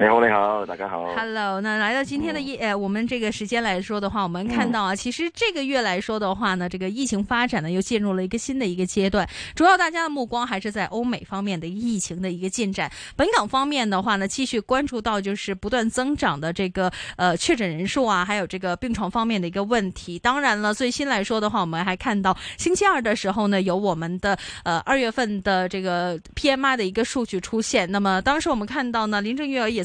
你好，你好，大家好。Hello，那來到今天的一、嗯、呃，我們這個時間來說的話，我們看到啊，其實這個月來說的話呢，這個疫情發展呢又進入了一個新的一個階段。主要大家的目光還是在歐美方面的疫情的一個進展。本港方面的話呢，繼續關注到就是不斷增長的這個呃確診人數啊，還有這個病床方面的一個問題。當然了，最新來說的話，我們還看到星期二的時候呢，有我們的呃二月份的這個 PMI 的一個數據出現。那麼當時我們看到呢，林鄭月娥也。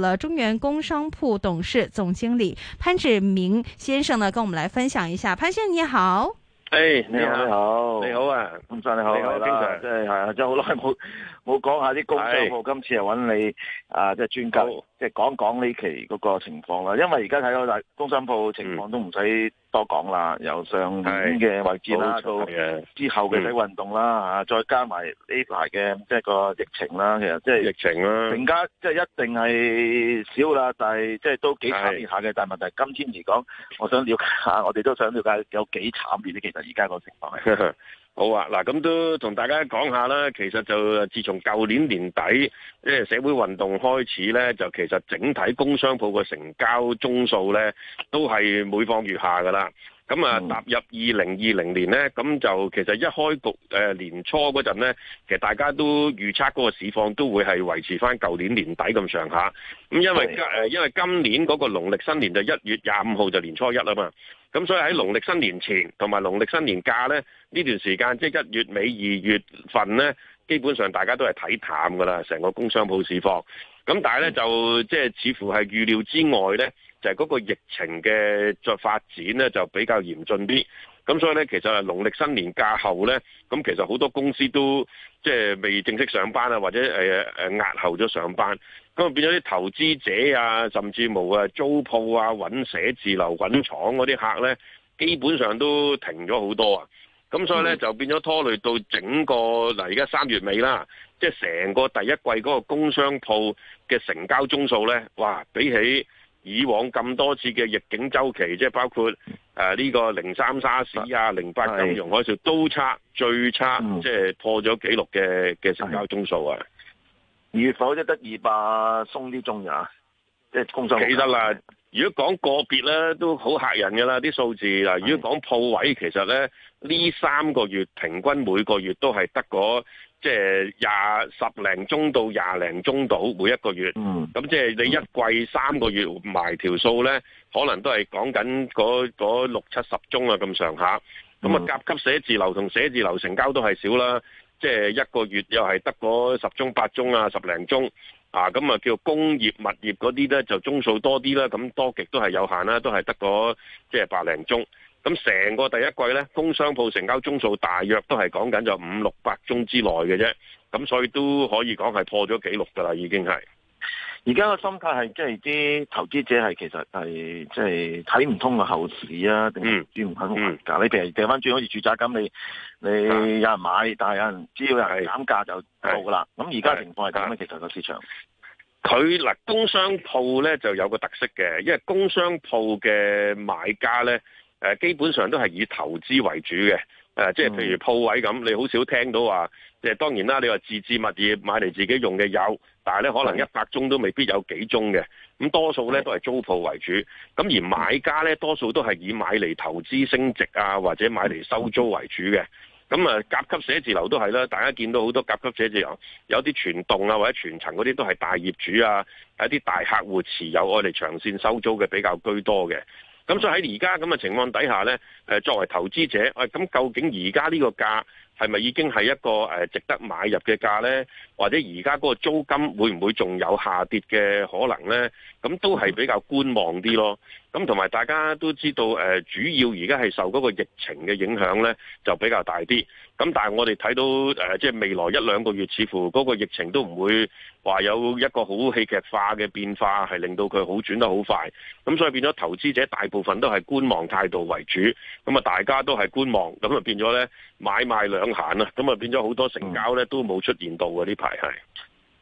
了中原工商鋪董事總經理潘志明先生呢，跟我們來分享一下。潘先生，你好。哎，你好，你好，你好啊，潘生你好，你好，經常，即係係啊，真好耐冇。冇講下啲工商鋪，今次係揾你啊，即係專家，即係講講呢期嗰個情況啦。因為而家睇到大工商鋪情況都唔使多講啦、嗯，由上年嘅位置啦，到之後嘅啲運動啦、嗯、再加埋呢排嘅即係個疫情啦，其實即係疫情啦、啊，成家即係一定係少啦，但係即係都幾慘烈下嘅。但係問題，今天嚟講，我想了解下，我哋都想了解有幾慘烈啲。其實而家個情況係。 好啊，嗱，咁都同大家講下啦。其實就自從舊年年底，即係社會運動開始咧，就其實整體工商鋪個成交宗數咧，都係每況愈下噶啦。咁、嗯、啊，踏入二零二零年呢，咁就其實一開局誒、呃、年初嗰陣呢，其實大家都預測嗰個市況都會係維持翻舊年年底咁上下。咁因為因為今年嗰個農曆新年就一月廿五號就年初一啦嘛。咁所以喺農曆新年前同埋農曆新年假呢，呢段時間，即係一月尾二月份呢，基本上大家都係睇淡㗎啦，成個工商舖市況。咁但係呢、嗯、就即係似乎係預料之外呢。就係、是、嗰個疫情嘅發展咧，就比較嚴峻啲。咁所以咧，其實係農曆新年假後咧，咁其實好多公司都即係、就是、未正式上班啊，或者壓後咗上班。咁啊變咗啲投資者啊，甚至無啊租鋪啊、揾寫字樓、揾廠嗰啲客咧，基本上都停咗好多啊。咁所以咧，就變咗拖累到整個嗱，而家三月尾啦，即係成個第一季嗰個工商鋪嘅成交宗數咧，哇！比起以往咁多次嘅逆境周期，即係包括誒呢、呃這個零三沙士啊、零八金融海嘯，都差最差，嗯、即係破咗紀錄嘅嘅成交宗數啊！二月火一得二百鬆啲宗呀，即係供數。記得啦，如果講個別咧都好嚇人㗎啦，啲數字嗱。如果講鋪位，其實咧呢三個月平均每個月都係得嗰。即係廿十零宗到廿零宗度，每一個月。咁、嗯、即係你一季三個月埋條數咧、嗯，可能都係講緊嗰六七十宗啊咁上下。咁啊，嗯、甲級寫字樓同寫字樓成交都係少啦。即、就、係、是、一個月又係得嗰十宗八宗啊，十零宗啊。咁啊，叫工業物業嗰啲咧，就宗數多啲啦。咁多極都係有限啦，都係得嗰即係百零宗。咁成個第一季咧，工商鋪成交宗數大約都係講緊就五六百宗之內嘅啫，咁所以都可以講係破咗紀錄㗎啦，已經係。而家個心態係即係啲投資者係其實係即係睇唔通個後市啊，定係唔肯賣價？呢譬如跌翻轉好似住宅咁，你你有人買，啊、但係有人只要有人減價就到㗎啦。咁而家情況係咁、啊。其實個市場，佢嗱、呃、工商鋪咧就有個特色嘅，因為工商鋪嘅買家咧。呃、基本上都係以投資為主嘅，誒、呃、即係譬如鋪位咁、嗯，你好少聽到話，即、呃、係當然啦，你話自置物業買嚟自己用嘅有，但係咧可能一百宗都未必有幾宗嘅，咁多數咧都係租鋪為主，咁而買家咧多數都係以買嚟投資升值啊，或者買嚟收租為主嘅，咁啊甲級寫字樓都係啦，大家見到好多甲級寫字樓，有啲全棟啊或者全層嗰啲都係大業主啊，有啲大客戶持有用嚟長線收租嘅比較居多嘅。咁所以喺而家咁嘅情況底下咧，誒作為投資者，誒咁究竟而家呢個價係咪已經係一個誒值得買入嘅價咧？或者而家嗰個租金會唔會仲有下跌嘅可能咧？咁都係比較觀望啲咯。咁同埋大家都知道，誒、呃、主要而家係受嗰個疫情嘅影響咧，就比較大啲。咁但係我哋睇到誒、呃、即係未來一兩個月，似乎嗰個疫情都唔會話有一個好戲劇化嘅變化，係令到佢好轉得好快。咁所以變咗投資者大部分都係觀望態度為主。咁啊，大家都係觀望，咁啊變咗咧買賣兩閒啊，咁啊變咗好多成交咧都冇出現到啊呢排係係，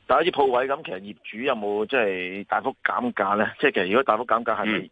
但係，啲鋪位咁，其實業主有冇即係大幅減價咧？即係其實如果大幅減價係咪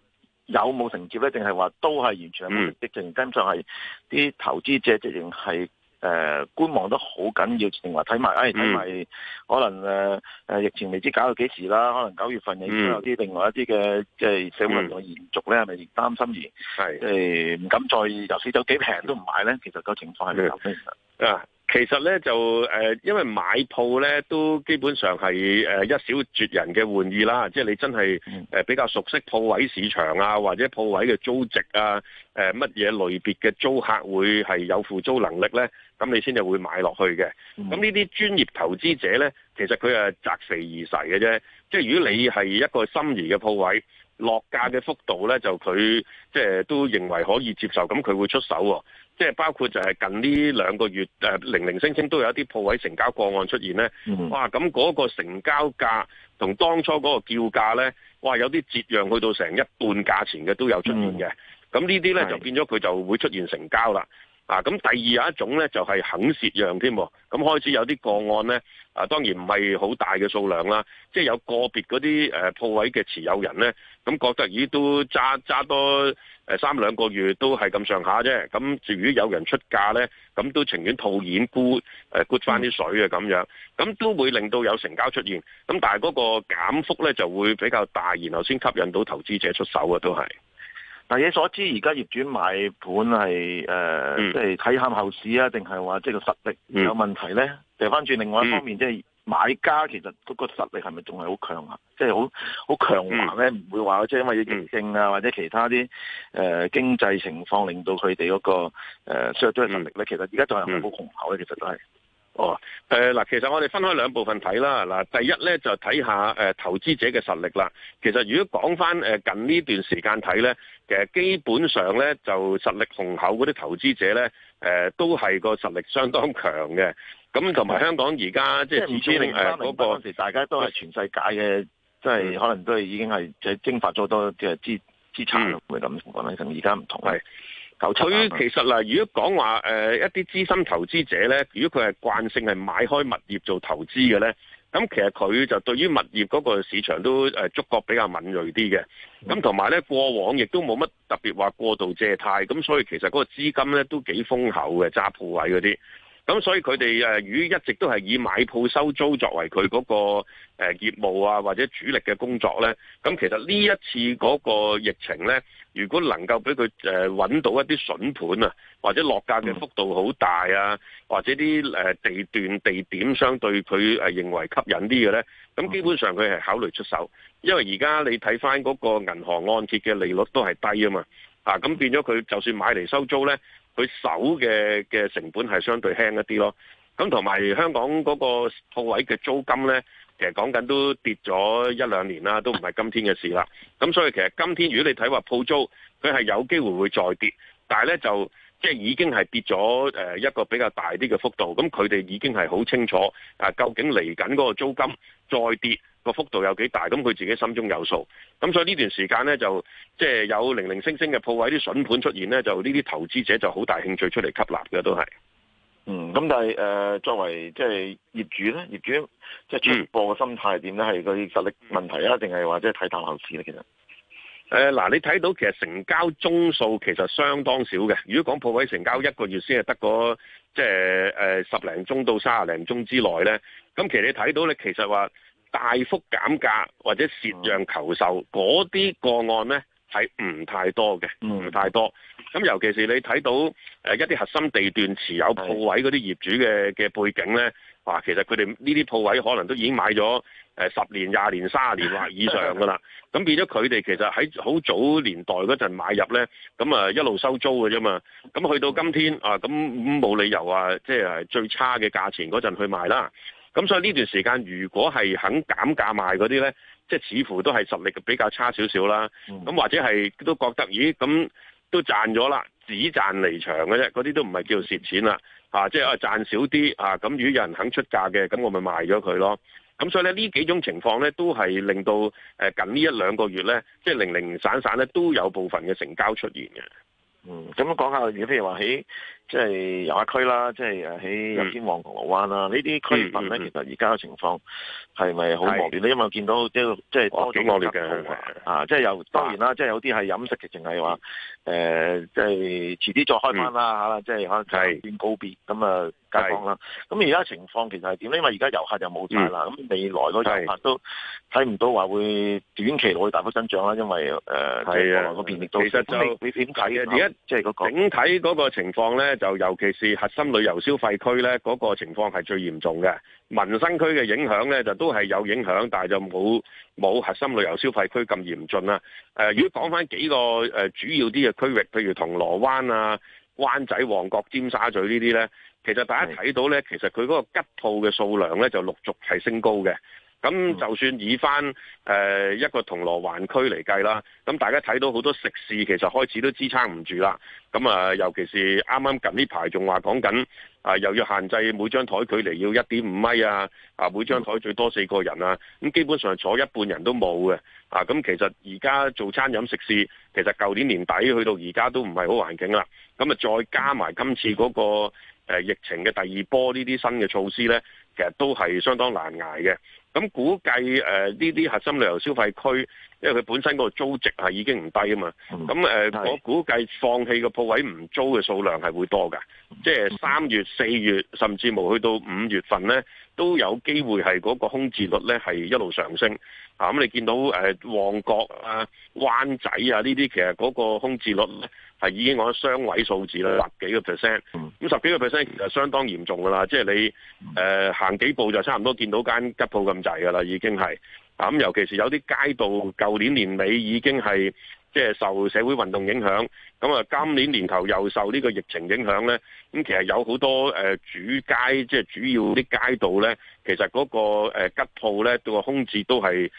有冇承接咧，定係話都係完全係冇承接？疫情根本上係啲投資者直情仍係誒觀望得好緊要，定話睇埋誒睇埋可能誒誒、呃、疫情未知搞到幾時啦？可能九月份亦都有啲、嗯、另外一啲嘅即係社會運動延續咧，係咪擔心而誒唔、呃、敢再就算有幾平都唔買咧？其實個情況係比較明顯啊。其實咧就誒、呃，因為買鋪咧都基本上係誒、呃、一小撮人嘅玩意啦，即、就、係、是、你真係誒、呃、比較熟悉鋪位市場啊，或者鋪位嘅租值啊，誒乜嘢類別嘅租客會係有付租能力咧，咁你先至會買落去嘅。咁呢啲專業投資者咧，其實佢係擇肥而噬嘅啫，即、就、係、是、如果你係一個心儀嘅鋪位，落價嘅幅度咧就佢即係都認為可以接受，咁佢會出手啊。即係包括就係近呢兩個月誒、呃、零零星星都有一啲鋪位成交個案出現咧，mm -hmm. 哇！咁嗰個成交價同當初嗰個叫價咧，哇！有啲折讓去到成一半價錢嘅都有出現嘅，咁、mm -hmm. 呢啲咧就變咗佢就會出現成交啦。啊，咁第二有一種咧，就係、是、肯蝕讓添喎，咁、啊、開始有啲個案咧，啊當然唔係好大嘅數量啦，即、啊、係、就是、有個別嗰啲誒鋪位嘅持有人咧，咁、啊、覺得咦都揸揸多三兩個月都係咁上下啫，咁、啊、至於有人出價咧，咁、啊、都情願套現沽誒、呃、沽翻啲水嘅咁、啊、樣，咁、啊、都會令到有成交出現，咁、啊、但係嗰個減幅咧就會比較大，然後先吸引到投資者出手啊，都係。但你所知，而家業主買盤係誒，即係睇下後市啊，定係話即係個實力有問題咧？掉翻轉另外一方面，即係買家其實嗰個實力係咪仲係好強啊？即係好好強橫咧，唔、啊嗯、會話即係因為疫情啊，嗯、或者其他啲誒、呃、經濟情況令到佢哋嗰個誒 s h 嘅實力咧，其實而家仲係好雄厚嘅，其實都係。哦，嗱、呃，其實我哋分開兩部分睇啦，嗱，第一咧就睇下、呃、投資者嘅實力啦。其實如果講翻近呢段時間睇咧，其實基本上咧就實力雄厚嗰啲投資者咧、呃，都係個實力相當強嘅。咁同埋香港而家、嗯、即係至千零三年嗰個時大家都係全世界嘅、嗯，即係可能都係已經係即係蒸發咗多嘅資資,資產，會咁講咧，同而家唔同係。佢其實嗱、啊，如果講話誒一啲資深投資者咧，如果佢係慣性係買開物業做投資嘅咧，咁其實佢就對於物業嗰個市場都誒觸覺比較敏銳啲嘅。咁同埋咧，過往亦都冇乜特別話過度借貸，咁所以其實嗰個資金咧都幾豐厚嘅，揸鋪位嗰啲。咁所以佢哋誒，於、呃、一直都係以買鋪收租作為佢嗰、那個、呃、業務啊，或者主力嘅工作咧。咁其實呢一次嗰個疫情咧，如果能夠俾佢誒揾到一啲笋盤啊，或者落價嘅幅度好大啊，或者啲誒、呃、地段地點相對佢誒、呃、認為吸引啲嘅咧，咁基本上佢係考慮出手，因為而家你睇翻嗰個銀行按揭嘅利率都係低啊嘛，啊咁變咗佢就算買嚟收租咧。佢手嘅嘅成本係相對輕一啲咯，咁同埋香港嗰個鋪位嘅租金呢，其實講緊都跌咗一兩年啦，都唔係今天嘅事啦。咁所以其實今天如果你睇話鋪租，佢係有機會會再跌，但係呢就。即係已經係跌咗誒一個比較大啲嘅幅度，咁佢哋已經係好清楚啊，究竟嚟緊嗰個租金再跌個幅度有幾大，咁佢自己心中有數。咁所以呢段時間咧，就即係有零零星星嘅鋪位啲筍盤出現咧，就呢啲投資者就好大興趣出嚟吸納嘅都係。嗯，咁但係誒、呃、作為即係業主咧，業主即係全部嘅心態點咧，係啲實力問題啊，定係或者係睇大樓市咧，其實？誒，嗱，你睇到其實成交宗數其實相當少嘅。如果講鋪位成交一個月先係得個即係誒、呃、十零宗到三十零宗之內咧，咁其實你睇到咧，其實話大幅減價或者蝕讓求售嗰啲個案咧係唔太多嘅，唔太多。咁尤其是你睇到誒一啲核心地段持有鋪位嗰啲業主嘅嘅背景咧。哇！其實佢哋呢啲鋪位可能都已經買咗十年、廿年、三十年或以上㗎啦。咁 變咗佢哋其實喺好早年代嗰陣買入咧，咁啊一路收租㗎啫嘛。咁去到今天啊，咁冇理由啊，即係最差嘅價錢嗰陣去賣啦。咁所以呢段時間如果係肯減價賣嗰啲咧，即係似乎都係實力比較差少少啦。咁或者係都覺得咦咁。都賺咗啦，只賺離場嘅啫，嗰啲都唔係叫做蝕錢啦，啊，即係啊賺少啲啊，咁如果有人肯出價嘅，咁我咪賣咗佢咯。咁所以咧呢幾種情況咧，都係令到誒近呢一兩個月咧，即係零零散散咧都有部分嘅成交出現嘅。嗯，咁我講下，如果譬如話喺。即係遊客區啦，即係誒喺入邊銅鑼灣啦，嗯、域呢啲區份呢，其實而家嘅情況係咪好惡劣咧？因為我見到即即係多咗吉舖、嗯、啊，即係又當然啦，啊、即係有啲係飲食嘅、就是，淨係話即係遲啲再開翻啦、嗯、即係可能就先告別咁啊街坊啦。咁而家情況其實係點咧？因為而家遊客又冇曬啦，咁、嗯嗯、未來嗰啲遊客都睇唔到話會短期會大幅增長啦，因為誒，係、呃、啊、呃就是嗯，其實就你點睇啊？而家即係嗰個整體嗰個情況咧？就尤其是核心旅遊消費區呢，嗰個情況係最嚴重嘅。民生區嘅影響呢，就都係有影響，但係就冇冇核心旅遊消費區咁嚴峻啦。誒，如果講翻幾個誒主要啲嘅區域，譬如銅鑼灣啊、灣仔、旺角、尖沙咀呢啲呢，其實大家睇到呢，的其實佢嗰個吉鋪嘅數量呢，就陸續係升高嘅。咁就算以翻誒一個銅鑼灣區嚟計啦，咁大家睇到好多食肆其實開始都支撐唔住啦。咁啊，尤其是啱啱近呢排仲話講緊啊，又要限制每張台距離要一點五米啊，啊每張台最多四個人啊。咁基本上是坐一半人都冇嘅。啊，咁其實而家做餐飲食肆，其實舊年年底去到而家都唔係好環境啦。咁啊，再加埋今次嗰個疫情嘅第二波呢啲新嘅措施呢，其實都係相當難捱嘅。咁估計呢啲、呃、核心旅遊消費區，因為佢本身個個租值係已經唔低啊嘛。咁、嗯、誒、呃，我估計放棄個鋪位唔租嘅數量係會多㗎，即係三月、四月，甚至乎去到五月份呢，都有機會係嗰個空置率呢係一路上升。啊，咁你見到誒、呃、旺角啊、灣仔啊呢啲，其實嗰個空置率，係已經講咗雙位數字啦，十幾個 percent，咁十幾個 percent 就相當嚴重噶啦，即係你誒行、呃、幾步就差唔多見到間吉鋪咁滯噶啦，已經係啊。咁，尤其是有啲街道，舊年年尾已經係即係受社會運動影響。咁啊，今年年頭又受呢個疫情影響呢，咁其實有好多主街，即係主要啲街道呢，其實嗰個誒吉鋪呢，個空置都係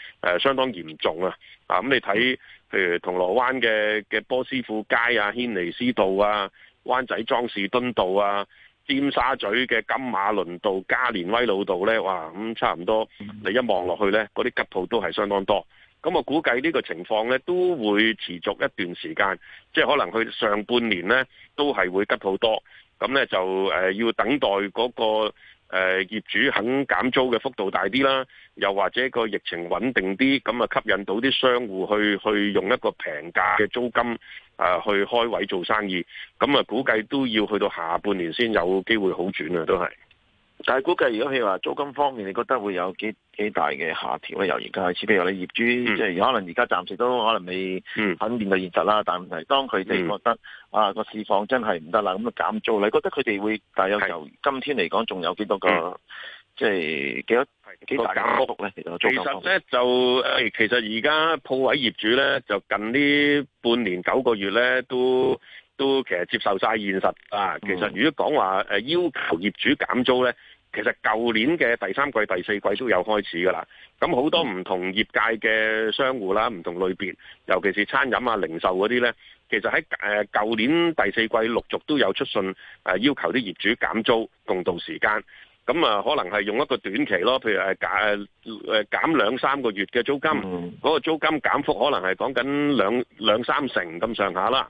相當嚴重啊！啊，咁你睇譬如銅鑼灣嘅嘅波斯富街啊、軒尼詩道啊、灣仔莊士敦道啊、尖沙咀嘅金馬倫道、加連威老道呢，哇！咁差唔多你一望落去呢，嗰啲吉鋪都係相當多。咁我估計呢個情況呢都會持續一段時間，即係可能佢上半年呢都係會急好多，咁呢就誒、呃、要等待嗰、那個誒、呃、業主肯減租嘅幅度大啲啦，又或者個疫情穩定啲，咁啊吸引到啲商戶去去用一個平價嘅租金啊去開位做生意，咁啊估計都要去到下半年先有機會好轉啊，都係。但係估計，如果譬如話租金方面，你覺得會有幾幾大嘅下調咧？由而家，開始譬如話，你業主、嗯、即係可能而家暫時都可能未肯面對現實啦、嗯。但係當佢哋覺得、嗯、啊個市況真係唔得啦，咁啊減租，你覺得佢哋會大約由是今天嚟講，仲有幾多個、嗯、即係幾多幾大降幅咧？其實咧就誒，其實而家鋪位業主咧，就近呢半年九個月咧都，嗯都其實接受晒現實啊！其實如果講話誒要求業主減租咧，其實舊年嘅第三季、第四季都有開始㗎啦。咁好多唔同業界嘅商戶啦，唔同類別，尤其是餐飲啊、零售嗰啲咧，其實喺誒舊年第四季陸續都有出信誒要求啲業主減租共度時間。咁啊，可能係用一個短期咯，譬如誒減誒減兩三個月嘅租金，嗰、嗯嗰個租金減幅可能係講緊兩兩三成咁上下啦。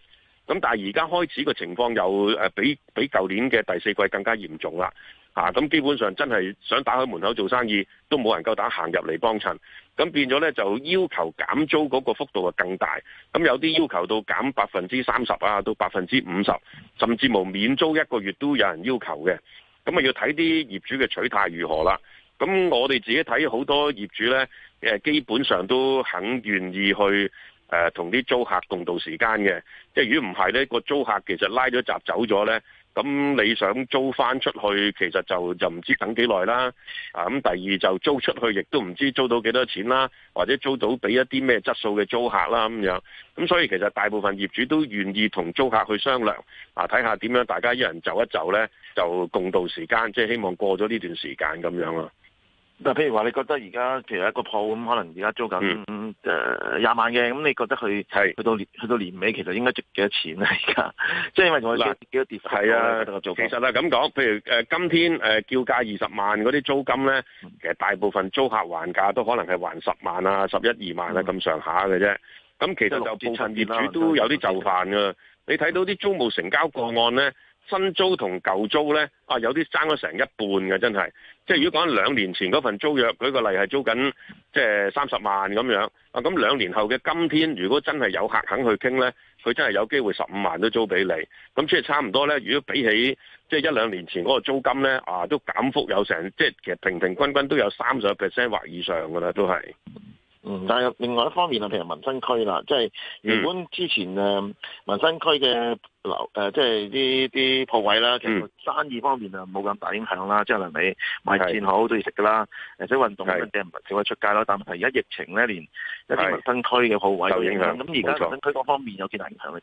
咁但係而家開始個情況又誒比比舊年嘅第四季更加嚴重啦，咁、啊、基本上真係想打開門口做生意都冇人夠膽行入嚟幫襯，咁變咗呢，就要求減租嗰個幅度啊更大，咁有啲要求到減百分之三十啊，到百分之五十，甚至冇免租一個月都有人要求嘅，咁啊要睇啲業主嘅取態如何啦。咁我哋自己睇好多業主呢，誒基本上都肯願意去。誒同啲租客共度時間嘅，即係如果唔係呢個租客其實拉咗閘走咗呢，咁你想租翻出去，其實就就唔知等幾耐啦。啊，咁第二就租出去，亦都唔知租到幾多錢啦，或者租到俾一啲咩質素嘅租客啦咁樣。咁所以其實大部分業主都願意同租客去商量，啊，睇下點樣大家一人就一就呢，就共度時間，即係希望過咗呢段時間咁樣。嗱，譬如話，你覺得而家其實一個鋪咁，可能而家租金誒廿萬嘅，咁你覺得佢係去到年去到年尾，其實應該值幾多錢咧？而家即係因為同佢跌幾多跌法？係啊，其實啊咁講，譬如誒，今天誒叫價二十萬嗰啲租金咧，嗯，其實大部分租客還價都可能係還十萬啊、十一二萬啊咁上下嘅啫。咁、嗯、其實就部分業主都有啲就範㗎、嗯。你睇到啲租務成交個案咧？新租同舊租呢，啊有啲爭咗成一半嘅真係，即係如果講兩年前嗰份租約舉個例係租緊即係三十萬咁樣，啊咁兩年後嘅今天如果真係有客肯去傾呢，佢真係有機會十五萬都租俾你，咁即係差唔多呢，如果比起即係一兩年前嗰個租金呢，啊都減幅有成，即係其實平平均均都有三十個 percent 或以上㗎啦，都係。嗯，但係另外一方面啊，譬如民生區啦，即係原本之前誒民生區嘅樓誒，即係啲啲鋪位啦，其實生意方面啊冇咁大影響啦，即係你買餸好都要食噶啦，誒即係運動嘅人少咗出街咯，但係而家疫情咧，連一啲民生區嘅鋪位都影響，咁而家民生區嗰方面有幾大影響呢？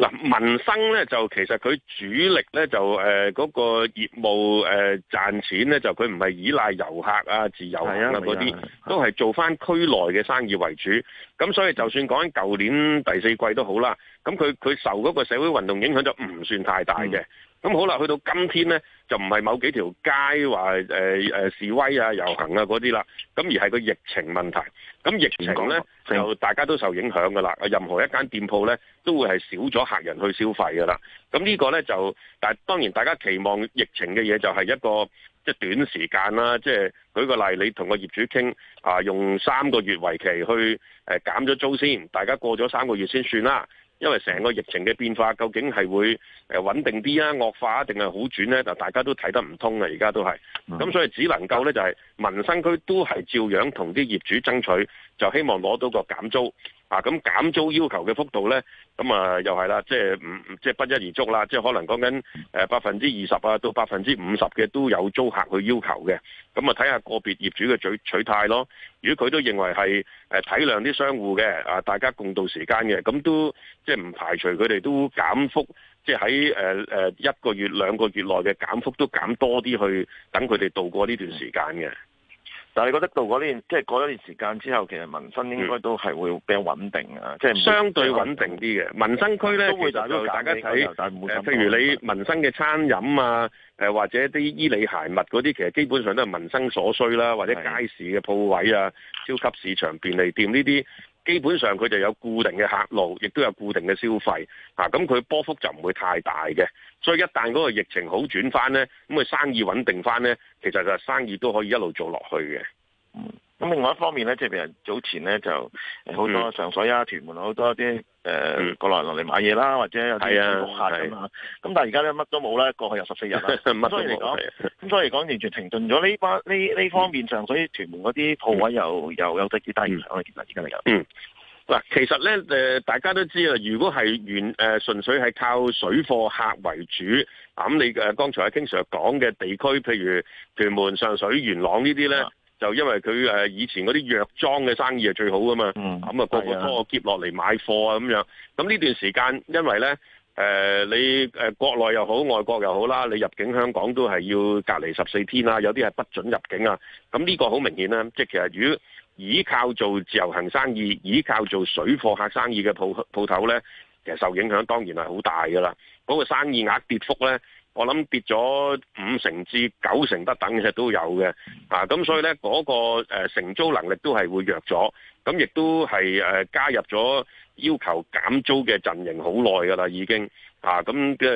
嗱，民生咧就其實佢主力咧就誒嗰、呃嗰個業務誒、呃、賺錢咧就佢唔係依賴遊客啊自由行啊嗰啲，嗰啲都係做翻區內嘅生意為主。咁所以就算講緊舊年第四季都好啦，咁佢佢受嗰個社會運動影響就唔算太大嘅。嗯咁好啦，去到今天呢，就唔係某幾條街話、呃、示威啊、遊行啊嗰啲啦，咁而係個疫情問題。咁疫情呢，就大家都受影響噶啦，任何一間店鋪呢，都會係少咗客人去消費噶啦。咁呢個呢，就，但係當然大家期望疫情嘅嘢就係一個即短時間啦，即係舉個例，你同個業主傾啊，用三個月為期去、啊、減咗租先，大家過咗三個月先算啦。因為成個疫情嘅變化，究竟係會穩定啲啊、惡化定係好轉呢？大家都睇得唔通啊！而家都係，咁所以只能夠呢，就係、係、民生區都係照樣同啲業主爭取，就希望攞到個減租。啊，咁減租要求嘅幅度呢，咁啊又係啦，即係唔即係不一而足啦，即係可能講緊誒百分之二十啊到百分之五十嘅都有租客去要求嘅，咁啊睇下個別業主嘅取取態咯。如果佢都認為係誒、呃、體諒啲商戶嘅啊，大家共度時間嘅，咁都即係唔排除佢哋都減幅，即係喺誒一個月兩個月內嘅減幅都減多啲去等佢哋度過呢段時間嘅。但係你覺得到嗰段，即係過咗段時間之後，其實民生應該都係會比較穩定啊，即、嗯、係、就是、相對穩定啲嘅民生區咧，都會大家睇譬如你民生嘅餐飲啊，誒或者啲衣履鞋襪嗰啲，其實基本上都係民生所需啦，或者街市嘅鋪位啊、超級市場、便利店呢啲。基本上佢就有固定嘅客路，亦都有固定嘅消費。啊，咁佢波幅就唔會太大嘅，所以一旦嗰個疫情好轉翻咧，咁佢生意穩定翻咧，其實就係生意都可以一路做落去嘅。咁另外一方面咧，即係譬如早前咧就好多上水啊、嗯、屯門好多啲誒過來落嚟買嘢啦，或者有啲客啊咁、啊啊、但係而家咧乜都冇啦，過去有十四日啦， 所以嚟講，咁、啊、所以嚟講完全停頓咗呢班呢呢方面上水、嗯、屯門嗰啲鋪位又、嗯、又有直接低咗嘅，其實而家嚟講。嗱、呃，其實咧大家都知啦，如果係原誒純粹係靠水貨客為主，咁、啊、你、呃、剛才阿 King Sir 講嘅地區，譬如屯門、上水、元朗呢啲咧。嗯啊就因為佢誒以前嗰啲藥妝嘅生意係最好噶嘛，咁、嗯、啊個個拖個篋落嚟買貨啊咁樣。咁呢段時間，因為咧誒、呃、你誒、呃、國內又好，外國又好啦，你入境香港都係要隔離十四天啦、啊，有啲係不准入境啊。咁呢個好明顯啦、啊，即係其實如果倚靠做自由行生意、倚靠做水貨客生意嘅鋪鋪頭咧，其實受影響當然係好大噶啦，嗰、那個生意額跌幅咧。我諗跌咗五成至九成不等嘅都有嘅、啊，啊咁所以呢，嗰、嗰個誒承、呃、租能力都係會弱咗，咁亦都係誒、呃、加入咗要求減租嘅陣營好耐噶啦，已經啊咁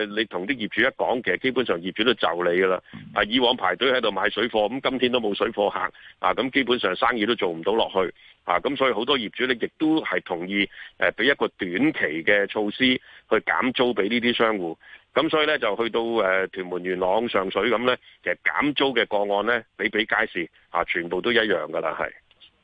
你同啲業主一講，其實基本上業主都就你噶啦，啊以往排隊喺度買水貨，咁今天都冇水貨客，啊咁基本上生意都做唔到落去，啊咁所以好多業主呢，亦都係同意誒俾、啊、一個短期嘅措施去減租俾呢啲商戶。咁所以咧就去到誒、呃、屯門元朗上水咁咧，其實減租嘅個案咧比比皆是，啊全部都一樣㗎喇，係。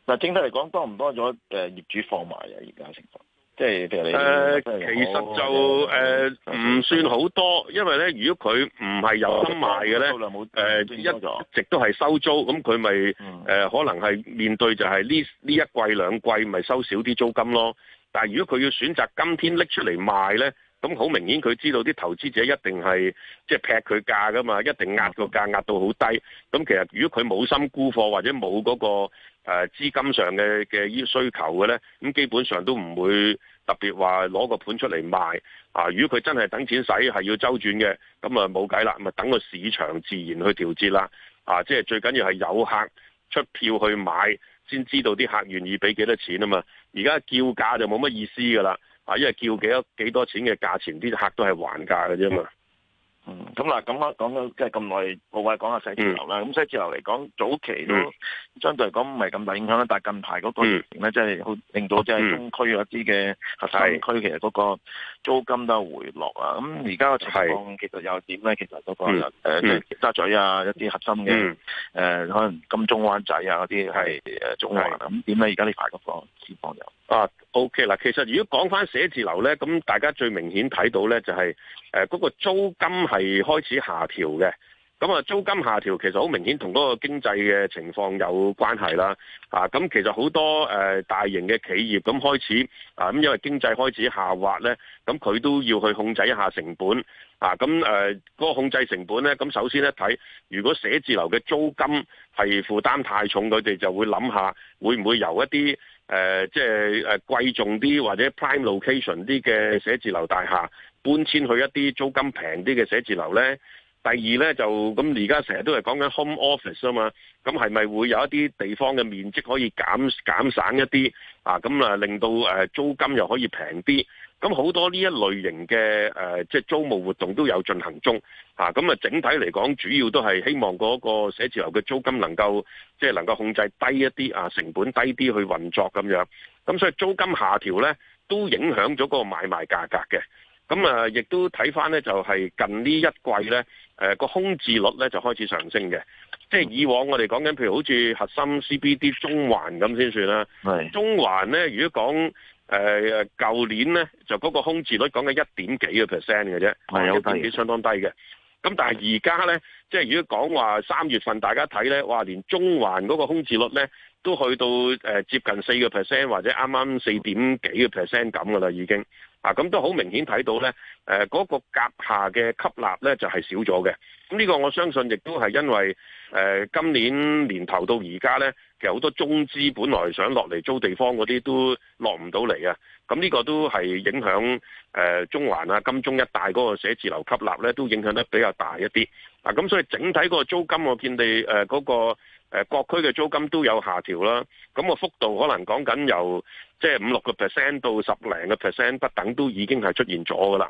嗱，整體嚟講多唔多咗、呃？業主放埋啊，而家情況，即係譬如你誒、呃，其實就誒唔、哦呃嗯、算好多，因為咧，如果佢唔係有心賣嘅咧，誒、嗯嗯呃、一直都係收租，咁佢咪可能係面對就係呢呢一季兩季咪收少啲租金咯。但如果佢要選擇今天拎出嚟賣咧。咁好明顯，佢知道啲投資者一定係即係劈佢價噶嘛，一定壓個價壓到好低。咁其實如果佢冇心沽貨或者冇嗰個誒資金上嘅嘅需求嘅呢，咁基本上都唔會特別話攞個盤出嚟賣。啊，如果佢真係等錢使係要周轉嘅，咁啊冇計啦，咪等個市場自然去調節啦。啊，即係最緊要係有客出票去買，先知道啲客願意俾幾多錢啊嘛。而家叫價就冇乜意思噶啦。因為叫幾多幾多錢嘅價錢，啲客都係還價嘅啫嘛。咁嗯，咁、嗯嗯、我講講即係咁耐，我話講下寫字樓啦。咁寫字樓嚟講，早期都、嗯、相對嚟講唔係咁大影響啦。但係近排嗰個疫情呢，即係好令到即係中區一啲嘅核心區，其實嗰、那個。租金都回落啊！咁而家嘅情況其實有點咧，其實嗰個即係尖沙咀啊，一啲核心嘅誒、嗯呃，可能金鐘灣仔啊嗰啲係中環咁緊點咧？而家、嗯嗯嗯、呢排嗰個市況又啊 OK 啦，其實如果講返寫字樓咧，咁大家最明顯睇到咧就係、是、嗰、那個租金係開始下調嘅。咁啊，租金下調其實好明顯同嗰個經濟嘅情況有關係啦。啊，咁其實好多、呃、大型嘅企業咁開始啊，咁因為經濟開始下滑呢，咁佢都要去控制一下成本。啊，咁呃嗰個控制成本呢，咁首先一睇，如果寫字樓嘅租金係負擔太重，佢哋就會諗下會唔會由一啲即係貴重啲或者 prime location 啲嘅寫字樓大廈搬遷去一啲租金平啲嘅寫字樓呢。第二呢，就咁而家成日都係講緊 home office 啊嘛，咁係咪會有一啲地方嘅面積可以減減省一啲啊？咁啊令到啊租金又可以平啲，咁、啊、好多呢一類型嘅即係租務活動都有進行中嚇。咁啊，啊整體嚟講，主要都係希望嗰個寫字樓嘅租金能夠即係、就是、能夠控制低一啲啊，成本低啲去運作咁樣。咁、啊、所以租金下調呢都影響咗個買賣價格嘅。咁啊，亦、啊、都睇翻呢，就係、是、近呢一季呢。誒、呃、個空置率咧，就開始上升嘅。即係以往我哋講緊，譬如好似核心 CBD 中環咁先算啦。係中環咧，如果講誒舊年咧，就嗰個空置率講緊一點幾個 percent 嘅啫，係有低，一點幾相當低嘅。咁但係而家咧，即係如果講話三月份，大家睇咧，哇，連中環嗰個空置率咧都去到誒、呃、接近四個 percent 或者啱啱四點幾個 percent 咁噶啦，已經。啊，咁都好明顯睇到呢誒嗰、呃那個夾下嘅吸納呢，就係、是、少咗嘅。咁呢個我相信亦都係因為誒、呃、今年年頭到而家呢，其實好多中資本來想落嚟租地方嗰啲都落唔到嚟啊。咁呢個都係影響誒、呃、中環啊、金鐘一大帶嗰個寫字樓吸納呢，都影響得比較大一啲。啊，咁所以整體個個租金我見你誒嗰、呃那個。誒、呃、各區嘅租金都有下調啦，咁、那個幅度可能講緊由即係五六個 percent 到十零個 percent 不等，都已經係出現咗噶啦。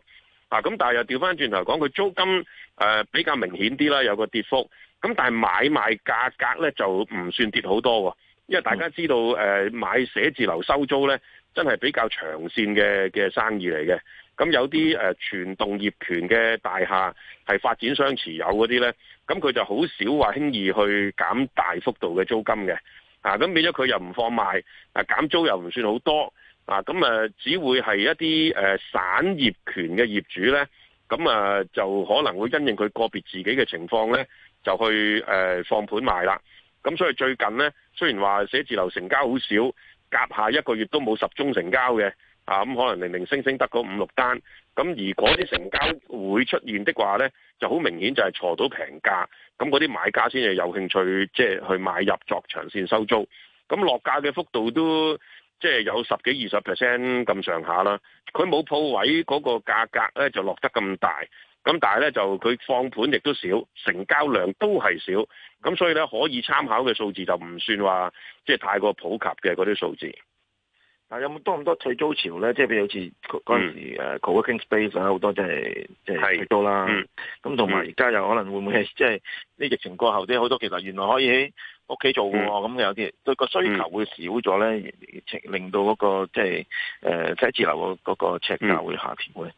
啊，咁但係又調翻轉頭講，佢租金誒、呃、比較明顯啲啦，有個跌幅。咁但係買賣價格咧就唔算跌好多喎。因為大家知道，誒買寫字樓收租呢，真係比較長線嘅嘅生意嚟嘅。咁有啲誒全幢業權嘅大廈係發展商持有嗰啲呢，咁佢就好少話輕易去減大幅度嘅租金嘅。啊，咁變咗佢又唔放賣，啊減租又唔算好多。啊，咁誒只會係一啲誒散業權嘅業主呢，咁啊就可能會因應佢個別自己嘅情況呢，就去誒放盤賣啦。咁所以最近呢，雖然話寫字樓成交好少，隔下一個月都冇十宗成交嘅，啊咁可能零零星星得嗰五六單。咁如果啲成交會出現的話呢，就好明顯就係鋤到平價，咁嗰啲買家先至有興趣即係、就是、去買入作長線收租。咁落價嘅幅度都即係有十幾二十 percent 咁上下啦，佢冇鋪位嗰、那個價格呢就落得咁大。咁但係咧就佢放盤亦都少，成交量都係少，咁所以咧可以參考嘅數字就唔算話即係太過普及嘅嗰啲數字。但有冇多咁多退租潮咧？即係譬如好似嗰陣時 Co-working Space 好多即係即係退多啦。咁同埋而家又可能會唔會係即係啲疫情過後啲好多其實原來可以喺屋企做喎，咁、嗯、有啲對個需求會少咗咧、嗯，令到嗰、嗰個即係誒寫字樓個嗰個尺價會下調咧。嗯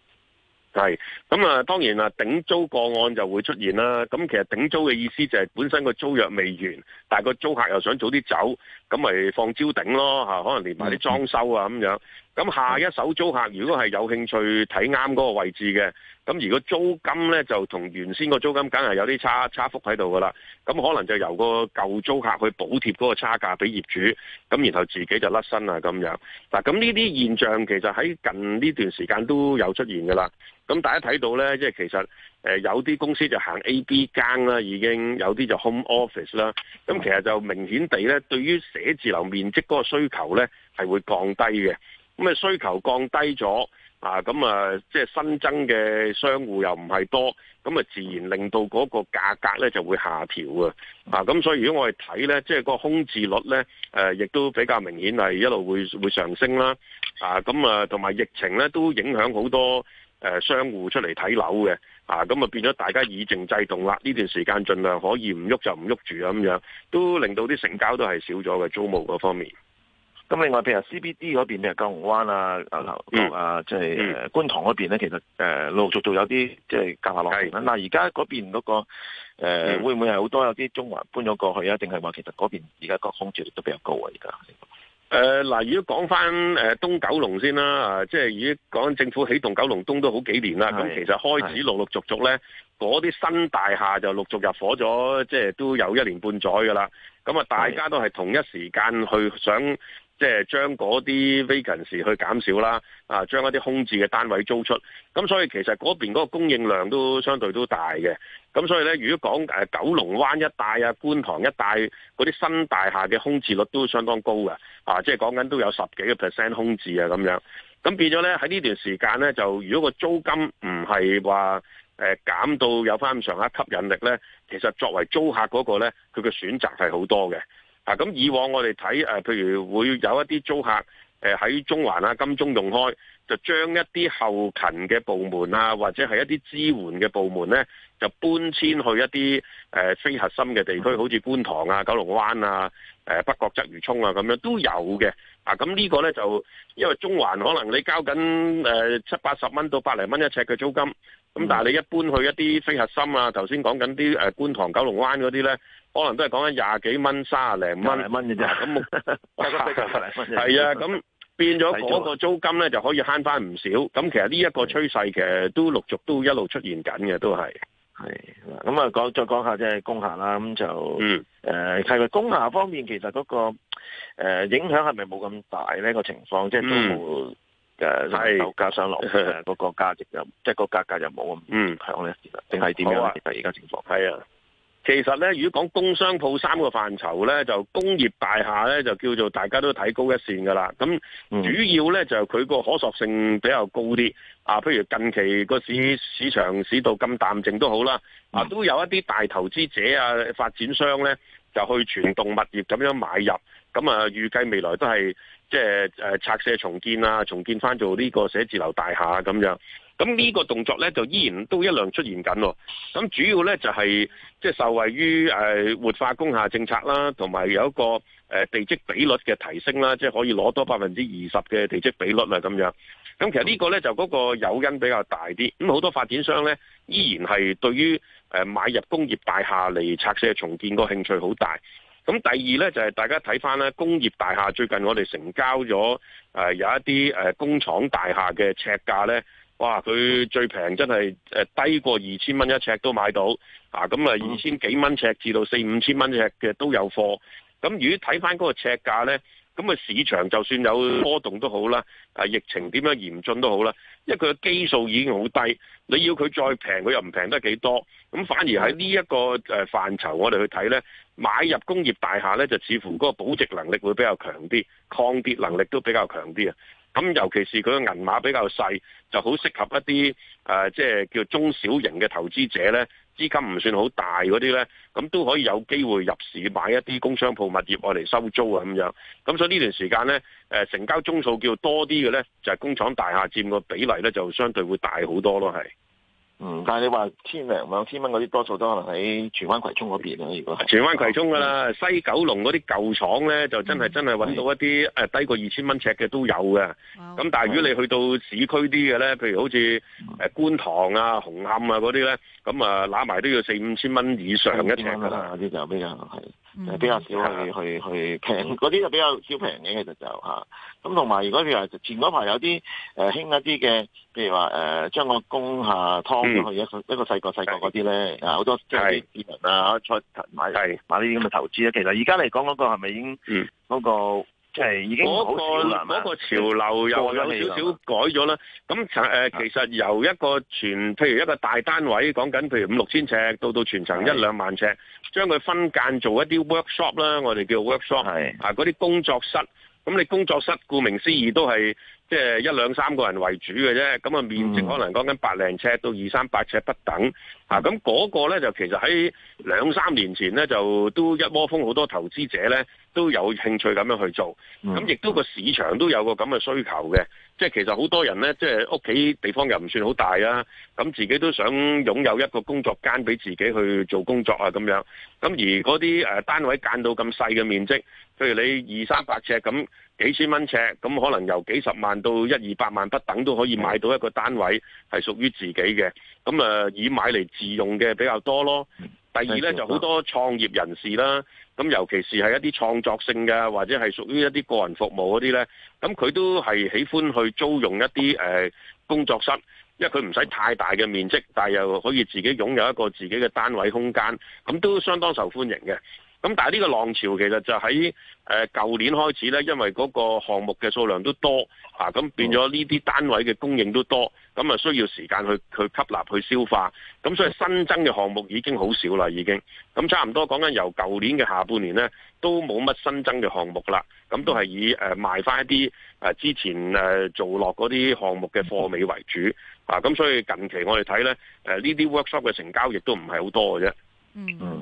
係，咁啊，當然啊，頂租個案就會出現啦。咁其實頂租嘅意思就係本身個租約未完，但係個租客又想早啲走，咁咪放招頂咯吓，可能連埋啲裝修啊咁樣。咁下一手租客，如果係有興趣睇啱嗰個位置嘅，咁如果租金咧就同原先個租金梗係有啲差差幅喺度噶啦。咁可能就由個舊租客去補貼嗰個差價俾業主，咁然後自己就甩身啦咁樣。嗱。咁呢啲現象其實喺近呢段時間都有出現噶啦。咁大家睇到咧，即係其實誒有啲公司就行 A、B 間啦，已經有啲就 Home Office 啦。咁其實就明顯地咧，對於寫字樓面積嗰個需求咧係會降低嘅。咁啊需求降低咗啊，咁啊即係新增嘅商戶又唔係多，咁啊自然令到嗰個價格咧就會下調啊。咁所以如果我哋睇咧，即係個空置率咧，誒亦都比較明顯，係一路會會上升啦。啊，咁啊同埋疫情咧都影響好多誒商戶出嚟睇樓嘅啊。咁啊變咗大家以靜制動啦。呢段時間盡量可以唔喐就唔喐住啊，咁樣都令到啲成交都係少咗嘅租務嗰方面。咁另外，譬如 CBD 嗰邊，譬如九龍灣啊、啊、啊、嗯，即、就、係、是嗯、觀塘嗰邊呢，其實誒陸陸續續有啲即係夾下落嚟啦。嗱、就是，而家嗰邊嗰、那個誒、呃、會唔會係好多有啲中環搬咗過去啊？定係話其實嗰邊而家個空置率都比較高啊？而家誒嗱，如果講返東九龍先啦，即係已講政府起動九龍東都好幾年啦。咁其實開始陸陸續續呢，嗰啲新大廈就陸續入伙咗，即係都有一年半載噶啦。咁啊，大家都係同一時間去想。即係將嗰啲 vacancy 去減少啦，啊，將一啲空置嘅單位租出，咁所以其實嗰邊嗰個供應量都相對都大嘅，咁所以咧，如果講誒、呃、九龍灣一帶啊、觀塘一帶嗰啲新大廈嘅空置率都相當高嘅，啊，即係講緊都有十幾個 percent 空置啊咁樣，咁變咗咧喺呢段時間咧，就如果個租金唔係話誒減到有翻咁上下吸引力咧，其實作為租客嗰個咧，佢嘅選擇係好多嘅。啊，咁以往我哋睇誒，譬如會有一啲租客誒喺、呃、中環啊、金鐘用開，就將一啲後勤嘅部門啊，或者係一啲支援嘅部門呢就搬遷去一啲誒、呃、非核心嘅地區，好似觀塘啊、九龍灣啊、誒、呃、北角鰂魚涌啊咁樣都有嘅。啊，咁呢個呢，就因為中環可能你交緊誒、呃、七八十蚊到百零蚊一尺嘅租金。咁、嗯、但係你一般去一啲非核心啊，頭先講緊啲誒觀塘、九龍灣嗰啲呢，可能都係講緊廿幾蚊、三十零蚊嘅啫。咁 變咗嗰個租金呢，就可以慳返唔少。咁其實呢一個趨勢其實都陸續都一路出現緊嘅，都係係。咁啊，講再講下即係工廈啦。咁就係咪工廈方面其實嗰個影響係咪冇咁大呢？個情況？即係都。係加商落嗰，那個價值又即係個價格又冇咁強咧？其實定係點樣嘅而家情況？係啊，其實咧，如果講工商舖三個範疇咧，就工業大廈咧就叫做大家都睇高一線嘅啦。咁主要咧、嗯、就佢、是、個可塑性比較高啲啊。譬如近期個市市場市道咁淡靜都好啦，啊都有一啲大投資者啊發展商咧就去傳動物業咁樣買入，咁啊預計未來都係。即係誒拆卸重建啊，重建翻做呢個寫字樓大廈咁樣，咁呢個動作呢，就依然都一樣出現緊喎。咁主要呢，就係即係受惠於誒、呃、活化工廈政策啦，同埋有一個誒、呃、地積比率嘅提升啦，即係可以攞多百分之二十嘅地積比率啊咁樣。咁其實呢個呢，就嗰個誘因比較大啲。咁好多發展商呢，依然係對於誒、呃、買入工業大廈嚟拆卸重建個興趣好大。咁第二呢，就係、是、大家睇翻呢，工業大廈最近我哋成交咗誒、呃、有一啲誒工廠大廈嘅尺價呢，哇！佢最平真係低過二千蚊一尺都買到啊！咁啊二千幾蚊尺至到四五千蚊尺嘅都有貨。咁如果睇翻嗰個尺價呢？咁啊，市場就算有波動都好啦，啊疫情點樣嚴峻都好啦，因為佢嘅基數已經好低，你要佢再平，佢又唔平得幾多，咁反而喺呢一個誒範疇我哋去睇咧，買入工業大廈咧，就似乎嗰個保值能力會比較強啲，抗跌能力都比較強啲啊。咁尤其是佢嘅銀碼比較細，就好適合一啲誒、呃、即係叫中小型嘅投資者咧。資金唔算好大嗰啲呢，咁都可以有機會入市買一啲工商鋪物業愛嚟收租啊咁樣。咁所以呢段時間呢，成交宗數叫多啲嘅呢，就係工廠大廈佔個比例呢，就相對會大好多咯，係。嗯，但係你話千零兩千蚊嗰啲，多數都可能喺荃灣葵涌嗰邊啊。如果係荃灣葵涌㗎啦、嗯，西九龍嗰啲舊廠咧，就真係真係搵到一啲低過二千蚊尺嘅都有嘅。咁、嗯、但係如果你去到市區啲嘅咧，譬如好似誒、嗯呃、觀塘啊、紅磡啊嗰啲咧，咁啊攬埋都要四五千蚊以上一尺㗎啦。啲就比較係嗯、比較少去去去平，嗰啲就比較少平嘅，啊呃呃嗯啊，其實就咁，同埋如果譬如話前嗰排有啲誒興一啲嘅，譬如話誒將個工廈劏咗去一個一個細個細個嗰啲咧，啊好多即係啲市民啊買啲咁嘅投資，其實而家嚟講嗰個係咪已經嗰、那個嗯係，已經嗰個嗰個潮流又有少少改咗啦。咁其實由一個全，譬如一個大單位，講緊譬如五六千尺，到到全層一兩萬尺，將佢分間做一啲 workshop 啦，我哋叫 workshop，啊嗰啲工作室。咁你工作室顧名思義都係即係一兩三個人為主嘅啫。咁啊面積可能講緊百零尺到二三百尺不等。啊，咁嗰個咧就其實喺兩三年前咧就都一窩蜂好多投資者咧。都有興趣咁樣去做，咁亦都個市場都有個咁嘅需求嘅。即係其實好多人呢，即係屋企地方又唔算好大啦、啊，咁自己都想擁有一個工作間俾自己去做工作啊咁樣。咁而嗰啲誒單位間到咁細嘅面積，譬如你二三百尺咁，幾千蚊尺咁，可能由幾十萬到一二百萬不等都可以買到一個單位係屬於自己嘅。咁誒、呃，以買嚟自用嘅比較多咯。第二呢，就好多創業人士啦。咁尤其是係一啲創作性嘅，或者係屬於一啲個人服務嗰啲咧，咁佢都係喜歡去租用一啲誒工作室，因為佢唔使太大嘅面積，但係又可以自己擁有一個自己嘅單位空間，咁都相當受歡迎嘅。咁但係呢個浪潮其實就喺誒舊年開始呢，因為嗰個項目嘅數量都多啊，咁變咗呢啲單位嘅供應都多，咁啊需要時間去去吸納去消化。咁所以新增嘅項目已經好少啦，已經。咁差唔多講緊由舊年嘅下半年呢，都冇乜新增嘅項目啦。咁都係以誒賣翻一啲誒之前誒做落嗰啲項目嘅貨尾為主啊。咁所以近期我哋睇呢誒呢啲 workshop 嘅成交亦都唔係好多嘅啫。嗯。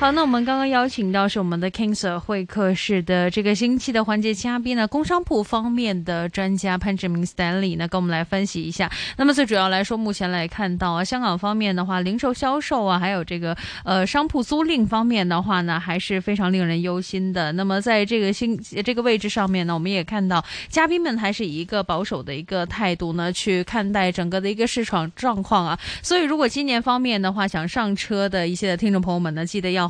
好，那我們剛剛邀請到是我們的 King Sir 會客室的這個星期的環節嘉賓呢，工商鋪方面的專家潘志明 Stanley，那跟我們來分析一下。那麼最主要來說，目前來看到啊，香港方面的話，零售銷售啊，還有這個呃商鋪租賃方面的話呢，還是非常令人憂心的。那麼在這個星這個位置上面呢，我們也看到嘉賓們還是以一個保守的一個態度呢，去看待整個的一個市場狀況啊。所以如果今年方面的話，想上車的一些的聽眾朋友們呢，記得要。